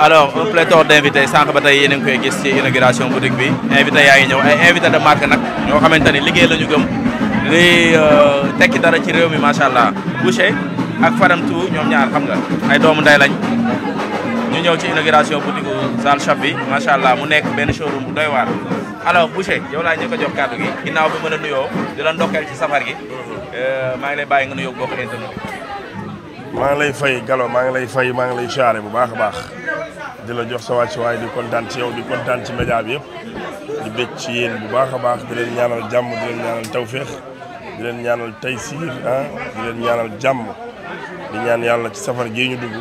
alors un pléthore d' invité sànq ba tey yéen a ngi koy gis ci inauguration boutique bi invité yaa ngi ñëw ay invité de marque nag ñoo xamante ni liggéey la ñu gëm li euh, tekki dara ci réew mi macha allah Boucher ak Faram Tou ñoom ñaar xam nga ay doomu nday lañ ñu ñëw ci inauguration boutique Zal Shop bi macha allah mu nekk benn showroom bu doy waar. alors Boucher yow laa ñu ko jox kàddu gi ginnaaw bi mën nuyoo di la ndokkeel ci safar gi euh, maa ngi lay bàyyi nga nuyoo bokk internet. maa ngi lay fay Gallo maa ngi lay fay maa ngi bu baax a baax. di la jox sa wàccuwaay di kontaan ci yow di kontaan ci média bi yëpp di bëgg ci yéen bu baax a baax di leen ñaanal jàmm di leen ñaanal tawféex di leen ñaanal taysiir ah di leen ñaanal jàmm di ñaan yàlla ci safar gii ñu dugg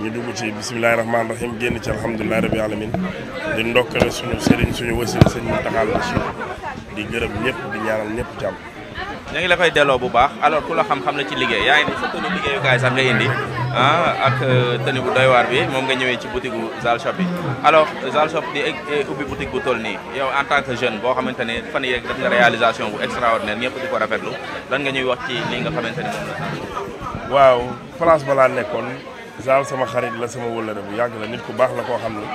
ñu dugg ci bisimilahi rahmaani rahim génn ci alhamdulilahi rabi alamin di ndokkale suñu sëriñ suñu wasil sëñ Muntaxa Bachir di gërëm ñëpp di ñaanal ñëpp jàmm. ñu ngi la koy delloo bu baax alors ku la xam-xam la ci liggéey yaa ah ak euh, tenue bu doy waar bi moom nga ñëwee ci boutique bu Zal Shop bi alors euh, Zal Shop di euh, ubbi boutique bu toll nii yow en tant jeune boo xamante ne fan yii rek def nga réalisation bu extraordinaire ñëpp di ko rafetlu lan nga ñuy wax ci lii nga xamante ne waaw place ba laa nekkoon Zal sama xarit la sama wëllëre bu yàgg la nit ku baax la koo xam ne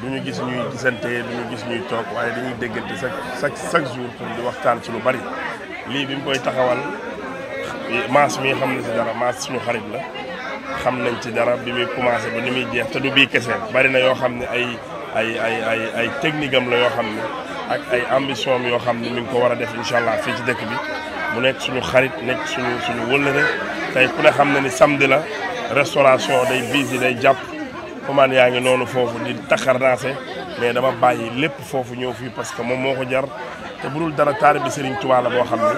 du ñu gis ñuy gisante du ñu gis ñuy toog waaye dañuy déggante chaque chaque chaque jour pour di waxtaan si lu bari lii bi mu koy taxawal maas mi xam ne si dara maas suñu xarit la. xam nañ ci dara bi muy commencé ba ni muy jeex te du bii kese bari na yoo xam ne ay ay ay ay ay la yoo xam ne ak ay ambition am yoo xam ne mi ko war a def incha allah fii ci dëkk bi mu nekk suñu xarit nekk suñu suñu wëllëre tey ku ne xam na ni samedi la restauration day busy day jàpp commande yaa ngi noonu foofu di taxarnaase mais dama bàyyi lépp foofu ñëw fii parce que moom moo ko jar te bu dul dara taari bi Serigne Touba boo xam ne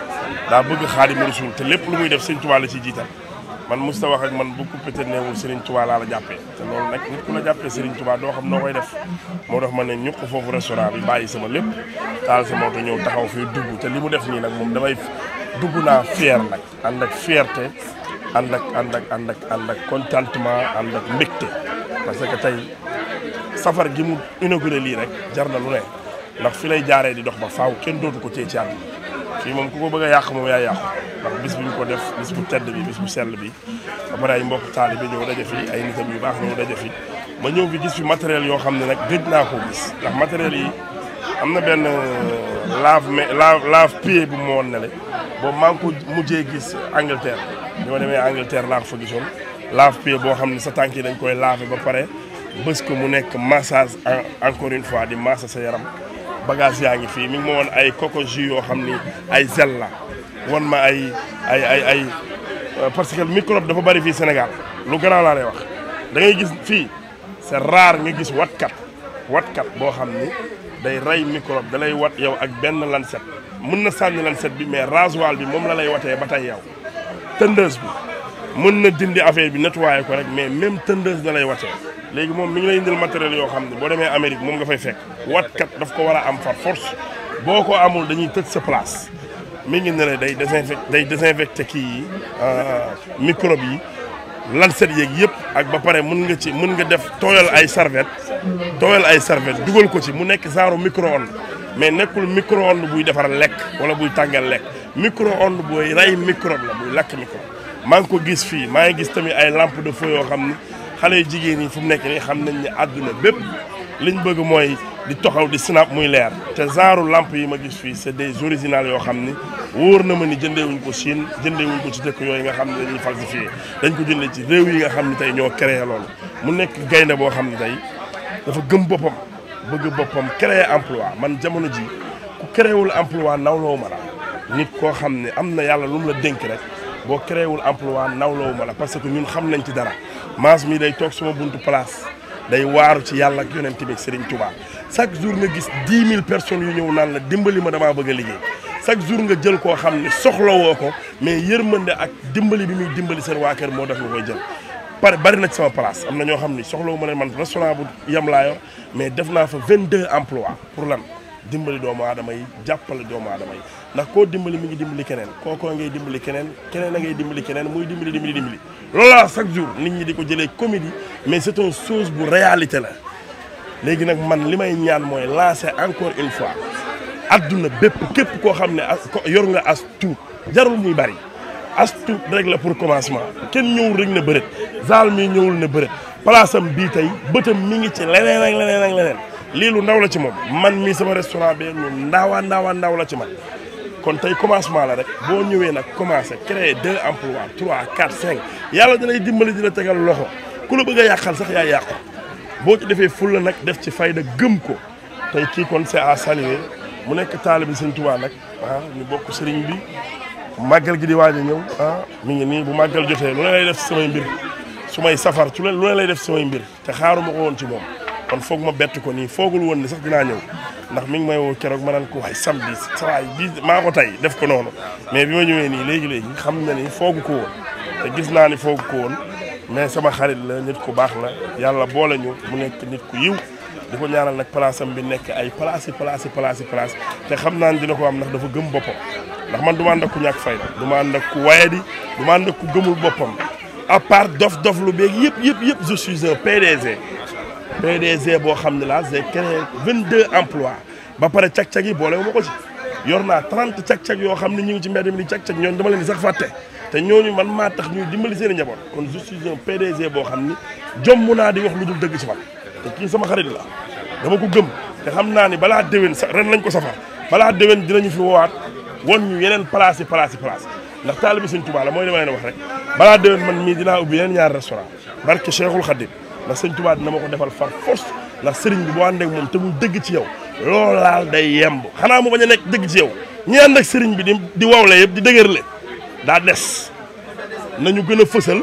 daa bëgg Xaadimu Rasuul te lépp lu muy def Serigne Touba si ci jiital man musta wax ak man bu coupé neewul Serigne Touba laa la jàppee te noonu nag nit ku la jàppee Serigne Touba doo xam noo koy def moo dox ma ne ñuq foofu restaurant bi bàyyi sama lépp taal si moto ñëw taxaw fii dugg te li mu def nii nag moom damay dugg naa fier nag ànd ak fierté ànd ak ànd ànd ak ànd ak contentement ànd ak mbégte parce que tey safar gi mu inauguré lii rek jar na lu ne ndax fi lay jaaree di dox ba faaw kenn dootu ko cee ci àdduna kii moom ko ko bëgg a yàq moom yaa yàqu ndax bis bi ñu ko def bis bu tedd bi bis bu sell bi ba pare ay mbokk taali bi ñëw daje fi ay nitam yu baax ñëw daje fi ma ñëw bi gis fi matériel yoo xam ne nag gëj naa koo gis ndax yi am na benn euh, lave mais lave lave pied bu mu woon ne le boobu maa ngi ko mujjee gis Angleterre bi ma demee Angleterre laa ko fa gisoon lave pied boo xam ne sa tànk dañ koy laver ba pare bës ko mu nekk massage encore une fois di massage sa yaram bagage yaa ngi fii mi ngi ma ay coco jus yoo xam ni ay zel la won ma ay ay ay ay euh, parce que microbe dafa bari fii Sénégal lu garaaw laa lay wax da ngay gis fii c'est rare nga gis watkat watkat boo xam ni day rey microbe da lay wat yow ak benn lancette mën na sànni lancette bi mais rasoir bi moom la lay watee ba tey yow tëndeuse bi mën na dindi affaire bi nettoyé ko rek mais même tondeuse da lay watee léegi moom mi ngi lay indil matériel yoo xam ne boo demee Amérique moom nga fay fekk watkat daf ko war a am far force boo ko amul dañuy tëj sa place mi ngi ne la day désinfect day désinfecté kii yi euh, microbe yi lanset yeeg yëpp ak ba pare mën nga ci mën nga def tooyal ay serviette tooyal ay serviette dugal ko ci mu nekk genre micro-onde mais nekkul micro-onde buy defar lekk wala buy tàngal micro-onde rey microbe la buy maa ngi ko gis fii maa ngi gis tamit ay lampe de feu yoo xam ni xale jigéen yi fu mu nekk nii xam nañ ne àdduna bépp liñ bëgg mooy di toxaw di snap muy leer te genre làmp yi ma gis fii c'est des originales yoo xam ni wóor na ma ni jëndeewuñ ko Chine jëndeewuñ ko ci dëkk yooyu nga xam ne dañuy falsifié dañ ko jëndee ci réew yi nga xam ni tey ñoo créé loolu mu nekk gaynde boo xam ne tey dafa gëm boppam bëgg boppam créer emploi man jamono ji ku créewul emploi nawloo ma nit koo xam ne am na yàlla lu la dénk rek boo créewul emploi nawloowu ma la parce que ñun xam nañ ci dara maas mi day toog suma buntu place day waaru ci yàlla ak yonent bi Serigne Touba chaque jour nga gis dix mille personnes yu ñëw naan la dimbali ma damaa bëgg a liggéey chaque jour nga jël koo xam ne soxlawoo ko mais mën yërmande ak dimbali bi muy dimbali seen waa kër moo def nga koy jël. pare bari na ci sama place am na ñoo xam ni soxlawu ma ne man restaurant bu yem laa yor mais def naa fa vingt deux emplois pour lan dimbali doomu aadama yi jàppale doomu aadama yi. ndax koo dimbali mi ngi dimbali keneen kookoo ngay dimbali keneen keneen a ngay dimbali keneen muy dimbali dimbali dimbali loolaa chaque jour nit ñi di ko jëlee comédie mais c'est une chose bu réalité la léegi nag man li may ñaan mooy lancer encore une fois adduna bépp képp koo xam ne yor nga as tuut jarul muy bari as tuut rek la pour commencement kenn ñëwul rek na bërët zaal mi ñëwul na bërët palaasam bii tey bëtam mi ngi ci leneen ak leneen ak leneen lii lu ndaw la ci moom man mii sama restaurant bi lu ndaawaa ndaawaa ndaw la ci man kon tey commencement la rek boo ñëwee nag commencé créer deux emplois trois quatre cinq yàlla dalay dimbali di la tegal loxo ku la bëgg a yàqal sax yaa yàqu boo ci defee fulla nag def ci fayda gëm ko tey kii kon c'est à saluer mu nekk taalibi Sëñ Tuubaa nag ah ñu bokk sëriñ bi màggal gi di waaj a ñëw ah mi ngi nii bu màggal jotee lu ne lay def ci samay mbir su may safar ci lu ne lay def ci samay mbir te xaaruma ko woon ci moom kon foog ma bett ko nii foogul woon ni sax dinaa ñëw ndax mi may woo keroog ma naan ko waay samedi saa yi maa ko tey def ko noonu mais bi ma ñëwee nii léegi léegi xam na ni foogu ko woon te gis naa ni foogu ko woon mais sama xarit la nit ku baax na yàlla boole ñu mu nekk nit ku yiw di ko ñaanal nag place am bi nekk ay place place place place te xam naa ne dina ko am ndax dafa gëm boppam ndax man du ma ak ku ñàkk fay du ma ànd ak ku wayadi du ma ku gëmul boppam à part dof dof lu beeg yëpp yëpp yëpp je suis un PDG boo xam ne laa j'ai créé vingt deux emplois ba pare cag-cag yi boole ma ko ci yor naa trente cag-cag yoo xam ne ñu ngi ci mbedd mi di cag-cag ñooñu dama sax fàtte te ñooñu man maa tax ñuy dimbali seen i njaboot kon je p un PDG boo xam ni jomm naa di wax lu dul dëgg ci man te kii sama xarit la dama ko gëm te xam naa ni balaa déwén sa ren lañ ko safar balaa déwén ñu fi woowaat won ñu yeneen place yi place ndax place bi taalibi Sëñ Tuubaa la mooy li ma leen wax rek balaa déwén man mii dinaa ubbi yeneen ñaari restaurant barke Cheikhul Khadim ndax sëñ Tuubaa dina ma ko defal far force ndax sëriñ bi boo ànd ak moom te mu dëgg ci yow loolu day yemb xanaa mu bañ a nekk dëgg ci yow ñi ànd ak sëriñ bi di di wowle yëpp di dëgërle daa des nañu gën a fësal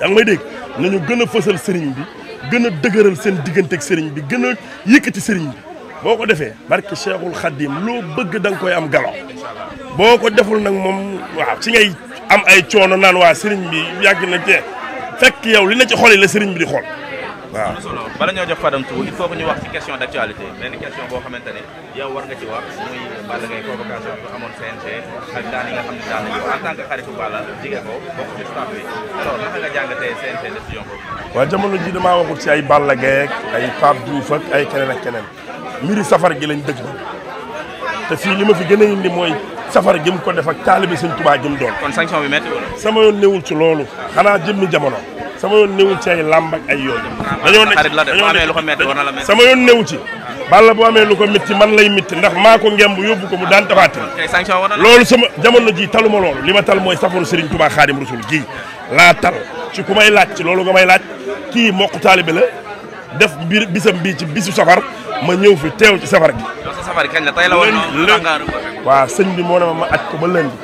yaa ngi may dégg nañu gën a fësal sëriñ bi gën a dëgëral seen diggante ak sëriñ bi gën a yëkkati sëriñ bi boo ko defee barki Cheikhul Khadim loo bëgg danga koy am galo boo ko deful nag moom waaw si ngay am ay coono naan waa sëriñ bi yàgg na tee fekk yow li na ci xol yi la sëriñ bi di xool waaw. bala ñoo jox Fadam Tour il faut que ñu wax ci question d'actualité benn question boo xamante ne yow war nga ci wax muy Balla Gaye convocation bi amoon CNG nga xam ne daan nañu en tant que xaritu Balla ko bokk ci staff bi alors naka nga jàngatee CNG décision boobu. waaw jamono ji damaa waxut ci ay Balla Gaye ay Pape Diouf ay keneen ak keneen mbiri safar gi lañ dëgg te fii li ma fi gën a indi mooy. safara jëm ko def ak taalibe sëñ Tuubaa jëm doon. kon sanction bi métti wala. sama yoon newul ci loolu. xanaa jëmmi jamono. sama yoon newul ci ay làmb ay yoon. dañoo nekk la de boo amee la métti. sama yoon newu ci. balla bu amee lu ko métti man lay métti ndax maa ko ngemb yóbbu ko mu daan tafaati. loolu sama jamono ji taluma loolu li ma tal mooy safaru Serigne Touba Xaadim Rasul gii laa tal ci ku may laaj loolu nga may laaj kii mokk taalibe la def mbir bisam bii bisu safar ma ñëw fi teew ci safar gi. waaw sëñ bi moo ne ma ma aj ko ba lundi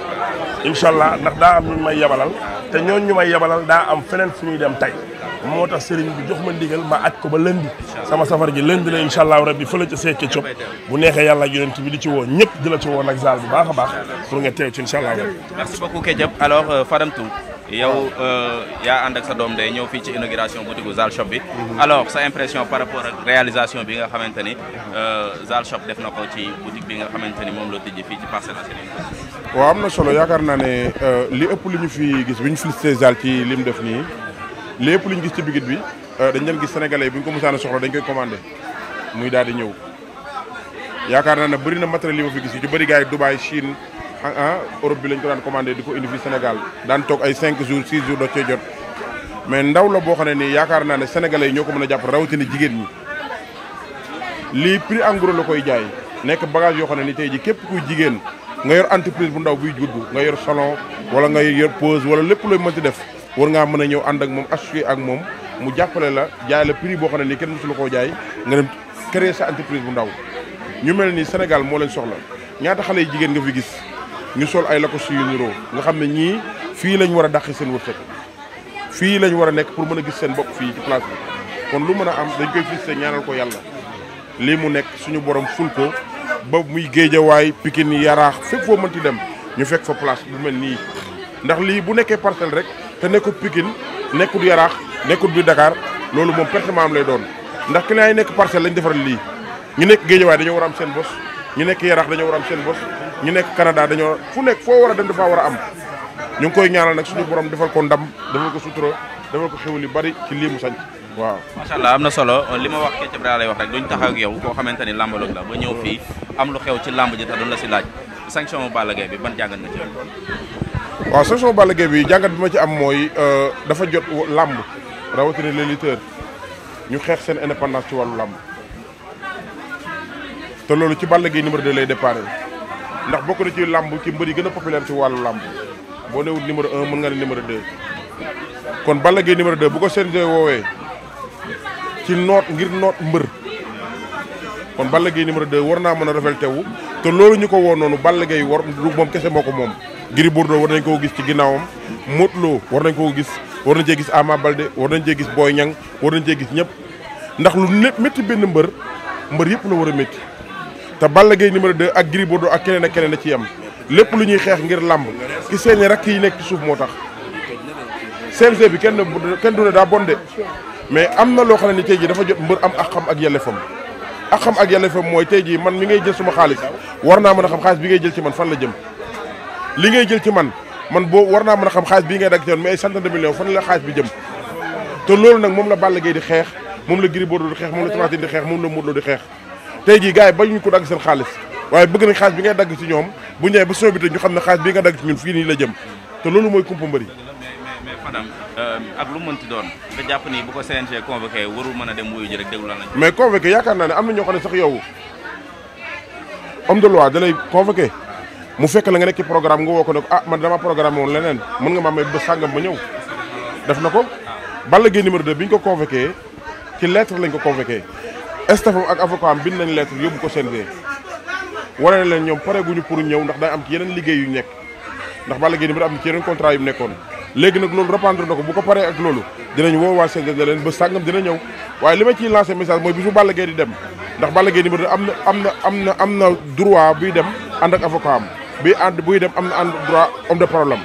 incha allah ndax daa am ñu may yabalal te ñooñu ñu may yabalal daa am feneen fu ñuy dem tey moo tax sëriñ bi jox ma ndigal ma aj ko ba lundi sama safar gi lundi la incha allah rabbi fële ca seeke cop bu neexee yàlla ak yonent bi di ci woo ñëpp di la ci woo nag zaal bu baax a baax pour nga teew ci incha allah rabbi merci beaucoup yow euh, yaa ànd ak sa doom day ñëw fii ci inauguration boutique Zal Shop bi. Mhm. alors sa impression par rapport ak réalisation bi nga xamante ni euh, Zal Shop def na ko ci boutique bi nga xamante ni moom la tijji fi ci Parcelles Assainies. waaw am na solo yaakaar naa ne euh, li ëpp lu ñu fi gis bi ñu félicité Zal ci lim def nii li ëpp li ñu gis ci bigit bi dañ leen gis sénégalais bu ñu ko musaan soxla dañ koy commandé muy daal di ñëw yaakaar naa ne bëri na matériel yi ma fi gis Ah, ah Europe bi lañ ko commandé di ko indi fi Sénégal toog ay 5 jours 6 jours jot mais ndaw la boo xam ne nii yaakaar naa ne sénégalais yi ñoo ko mën a jàpp rawatina jigéen ñi lii prix en la koy jaay nekk bagage yoo xam ne ni tey ji képp kuy jigéen nga yor entreprise bu ndaw buy gudd nga yor salon wala nga yor pause wala lépp looy mënti def war ngaa mën a ñëw ànd ak moom associé ak moom mu jàppale la jaay la boo xam ne nii kenn mësu la koo jaay nga dem créer sa entreprise bu ndaw ñu mel ni Sénégal moo leen soxla ñaata xale yi jigéen nga fi gis ñu sol ay lakos yu niroo nga xam ne ñii fii lañ war a daq seen wërsëg fii lañ war a nekk pour mën a gis seen bopp fii ci place bi kon lu mën a am dañ koy félicité ñaanal ko yàlla lii mu nekk suñu borom ful ko ba muy géejawaay Pikine yaraax fépp foo mënti dem ñu fekk fa place bu mel nii ndax lii bu nekkee parcelle rek te nekkul Pikine nekkut yaraax nekkut bi dakaar loolu moom pertement am lay doon ndax client yi nekk parcelle lañ defaral lii ñu nekk géejawaay dañoo war am seen bos ñu nekk yaraax dañoo war seen bos ñu nekk Canada dañoo fu nekk foo war a dem dafaa war a am ñu ngi koy ñaanal nag suñu borom defal ko ndam defal ko sutura defal ko xew li bari ci lii mu sañ waaw macha allah am na solo li ma wax Ketchup daa lay wax rek duñ taxaw ak yow koo xamante ni làmbaloog la ba ñëw fii am lu xew ci làmb ji te duñ la si laaj sanction Balla Gaye bi ban jàngat nga ci am waaw sanction Balla Gaye bi jàngat bi ma ci am mooy euh, dafa jot làmb rawatina les lutteurs ñu xeex seen indépendance ci wàllu làmb loolu ci Balla Gaye numéro 2 lay déparé ndax bokk na ci làmb ci mbër yi gën a populaire ci wàllu làmb boo newul numéro un mën nga ne numéro deux kon Balla Gaye numéro deux bu ko CNG woowee ci noot ngir noot mbër kon Balla Gaye numéro 2 war naa mën a rafetlu tewu te loolu ñu ko woo noonu Balla Gaye war du moom kese moo ko moom. Gris Bordeaux war nañ ko gis ci ginnaawam Modou loo war nañ koo gis war nañ cee gis Ama Baldé war nañ cee gis Boy Niang war nañ cee gis ñëpp ndax lu ne métti benn mbër mbër yëpp la war a métti. te Balla Gaye numéro 2 ak Gris Bordeaux ak keneen ak keneen e ci yem lépp lu ñuy xeex ngir làmb ci seeni rakk yi nekk ci suuf moo tax CNG bi kenn kenn du ne daa bonde mais am na loo xam ne ni tey jii dafa jot mbër am ak xam ak yellefam ak xam ak yellefam mooy tey jii man mi nga jël suma xaalis war naa mën a xam xaalis bi nga jël ci man fan la jëm li ngay jël ci man man boo war naa mën a xam xaalis bii ngay dagg ci man mais ay centaine de millions fan la jëm te loolu nag moom la Balla Gaye di xeex moom la Gris Bordeaux di xeex moom la Tapha Tine di xeex moom la te jii gars yi bañuñu ko dagg seen xaalis waaye bëgg nañ xaalis bi ngay dagg si ñoom bu ñëwee ba soobite ñu xam ne xaalis bi nga dagg ci ñun fii nii la jëm te loolu mooy kumpa mbëri Fadam euh, ak lu mënti doon nga jàpp ni bu ko CNG warul mën a dem wuyu ji rek déglu la nañ mais convoqué yaakaar naa ne am na ñoo xam ne sax yow homme de loi da lay convoqué mu fekk la nga ki programme nga woo ko ne ko ah man dama programme woon leneen mën nga maa may ba sàngam ma ñëw def na ko ah. Balla Gaye numéro 2 bi ñu ko convoqué ci lettre lañ ko convoqué stafam ak avocat am bind nañ lettre yóbbu ko CNG wane na leen ñoom pare ñu pour ñëw ndax day am ci yeneen liggéey yu nekk ndax Balla Gaye numéro am ci yeneen contrat yu nekkoon léegi nag loolu reprendre na ko bu ko paree ak loolu dinañu woo waa CNG ne leen ba sàngam dina ñëw waaye li ma ciy lancé message mooy bisu Balla Gaye di dem ndax Balla Gaye numéro am na am na am na am na droit buy dem ànd ak avocat am buy ànd buy dem am na ànd droit homme de problème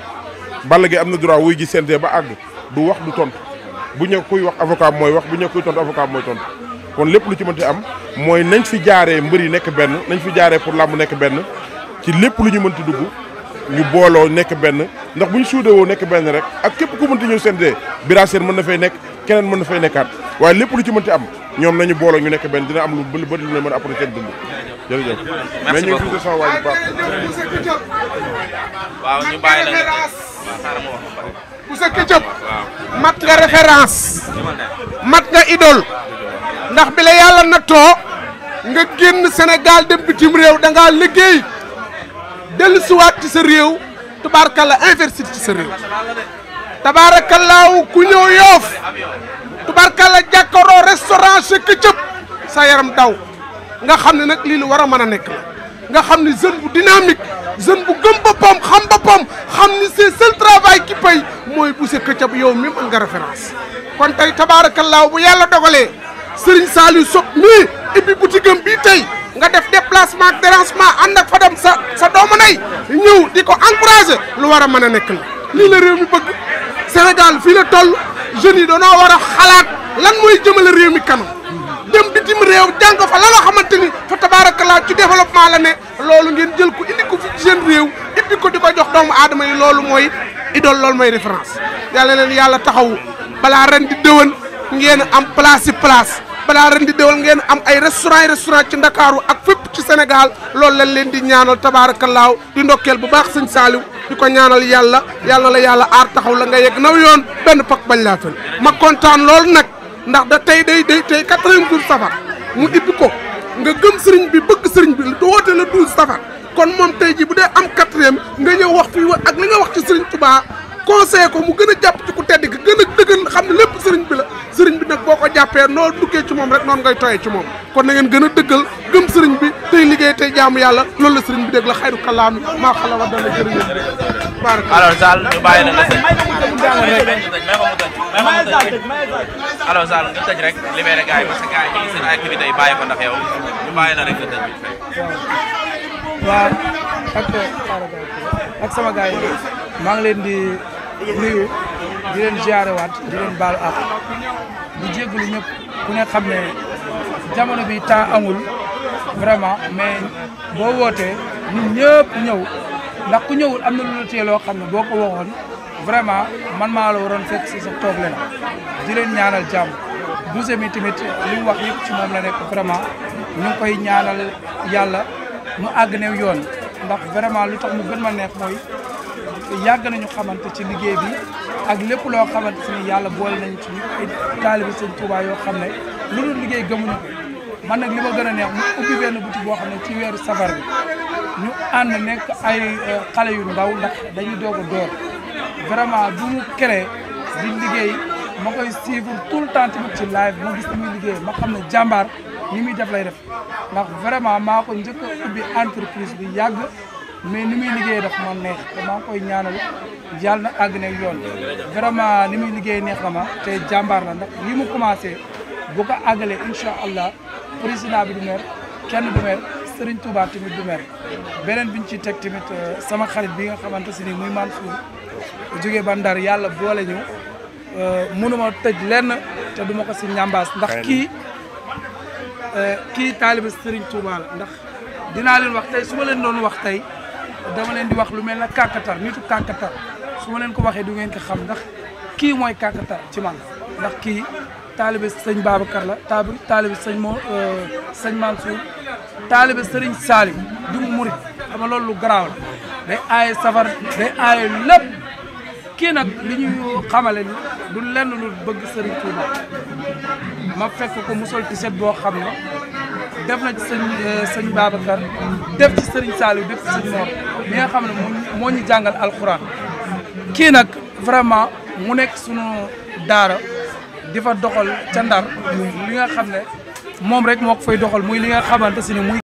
Balla Gaye am na droit wuy ji CNG ba àgg du wax du tontu bu ñëw kuy wax avocat mooy wax bu ñëw kuy tontu avocat mooy tontu kon lépp lu ci mënti am mooy nañ fi jaaree mbër yi nekk benn nañ fi jaaree pour làmb nekk benn ci lépp lu ñu mënti dugg ñu booloo nekk benn ndax bu ñu suudewoo nekk benn rek ak képp ku mënti ñëw CNG Bira mën na fay nekk keneen mën na fay nekaat waaye lépp lu ci mënti am ñoom nañu booloo ñu nekk benn dina am lu bëri bëri lu ne mën a apporter seen dund jërëjëf mais ñu ngi ñu bàyyi la nga bu sa këcëb mat nga mat nga idole ndax bi la yàlla nattoo nga génn senegal dem bitim réew da ngaa liggéey dellusiwaat ci sa réew tubaarkalla investir ci sa réew tabaarakallaahu ku ñëw yoof tubaarkalla jàkkaroo restaurant Chez Ketchup sa yaram daw nga xam ne nag lii lu war a mën a nekk la nga xam ni sën bu dynamique sën bu gëm boppam xam boppam xam ni c'est seul travail qui mooy bu Chez yow mi mën nga référence kon tey tabaarakallaahu bu yàlla dogalee Serigne Saliou Sow mii ibbi boutique am bii tey nga def déplacement ak dérangement ànd ak Fadam sa sa doomu nay ñëw di ko encourager lu war a mën a nekk la lii la réew mi bëgg Sénégal fii la toll jeunes yi na war a xalaat lan mooy jëmale réew mi kanam dem bitim réew jàng fa la loo xamante ni fa tabaarakallaa ci développement la ne loolu ngeen jël ku indi ko fi ci seen ibbi ko di ko jox doomu aadama yi loolu mooy idole loolu mooy référence yàlla leen yàlla taxaw balaa ren di déwén ngeen am place si place balaa ren di déwal ngeen am ay restaurant yi restaurant ci ndakaaru ak fépp ci Sénégal loolu lañ leen di ñaanal tabaarakallaaw di ndokkeel bu baax sëñ Saliou di ko ñaanal yàlla yàlla la yàlla aar taxaw la nga yegg naw yoon benn pak bañ laa fen ma kontaan lool nag ndax da tey day day tey quatrième jour safar mu ibbi ko nga gëm sëriñ bi bëgg sëriñ bi woote la douze safar kon moom tey ji bu dee am quatrième nga ñëw wax fii ak li nga wax ci sëriñ Touba conseillé ko mu gën a jàpp ci ku tedd ki gën a dëggan xam ne lépp sëriñ bi la sëriñ bi nag boo ko jàppee noo duggee ci moom rek noonu ngay tooyee ci moom kon na ngeen gën a dëggal gëm sëriñ bi tey liggéey tey jaamu yàlla loolu la sëriñ bi dégg la xayru kalaam maa xala wa dana jërëjëf baraka alors Sall ñu bàyyi la nga sëñ may ko nga tëj rek libéré gars parce que yi ñu nga leen di nuyu di leen jaarewaat di baal baalu ak di jégalu ñëpp ku ne xam ne jamono bi taa amul vraiment mais boo wootee ñun ñëpp ñëw ndax ku ñëwul am na lu la loo xam ne boo ko waxoon vraiment man maa la waroon fekk si sa toog leen di leen ñaanal jàmm douze mi tamit li mu wax yëpp ci moom la nekk vraiment ñu ngi koy ñaanal yàlla mu àgg new yoon ndax vraiment lu tax mu gën ma neex mooy yàgg nañu xamante ci liggéey bi ak lépp loo xamante ni yàlla boole nañu ci ay taalibi sëñ yoo xam ne lu dul liggéey gëmuñu man nag li ma gën a neex mu ubbi benn boutique boo xam ne ci weeru safar bi ñu ànd nekk ay euh, xale yu ndaw ndax dañu doog a door vraiment du mu créé di liggéey ma koy suivre tout le temps tamit ci live ma gis ni muy liggéey ma xam na jàmbaar ni muy def lay def ndax vraiment maa ko njëkk ubbi entreprise bi yàgg mais ni muy liggéey daf ma neex te maa ngi koy ñaanal yàlla na àgg na yoon vraiment ni muy liggéey neex na ma te jàmbaar la ndax li mu commencé bu ko àggalee incha allah président bi du kenn du mer Serigne Touba tamit du mer beneen bi ñu ci teg timit euh, sama xarit bi nga xamante si ni muy Mansour jógee ba Ndar yàlla boole ñu euh, mënuma tëj lenn te duma ko si ñambaas ndax kii euh, kii taaliba Serigne Touba la ndax dinaa leen wax tey su leen doon wax tey. dama leen di wax lu mel na kàkkatar tu kàkkatar su ma leen ko waxee du ngeen ko xam ndax kii mooy kàkkatar ci man ndax kii taalibe sëñ Babacar la taab taalibe sëñ moo euh, sëñ Mansour taalibe sëriñ Salim du mu murit xam loolu lu garaaw la day aaye safar day aaye lépp kii nag li ñuy xamale ni du lenn lu bëgg sëriñ Touba ma fekk ko musal tiset boo xam ne def na ci sëñ euh, sëñ Babacar def ci sëriñ Salim def ci sëñ mi nga xam ne moo ñu jàngal alxuraan kii nag vraiment mu nekk sunu daara di fa doxal ca ndar li nga xam ne moom rek moo ko fay doxal muy li nga xamante si ni muy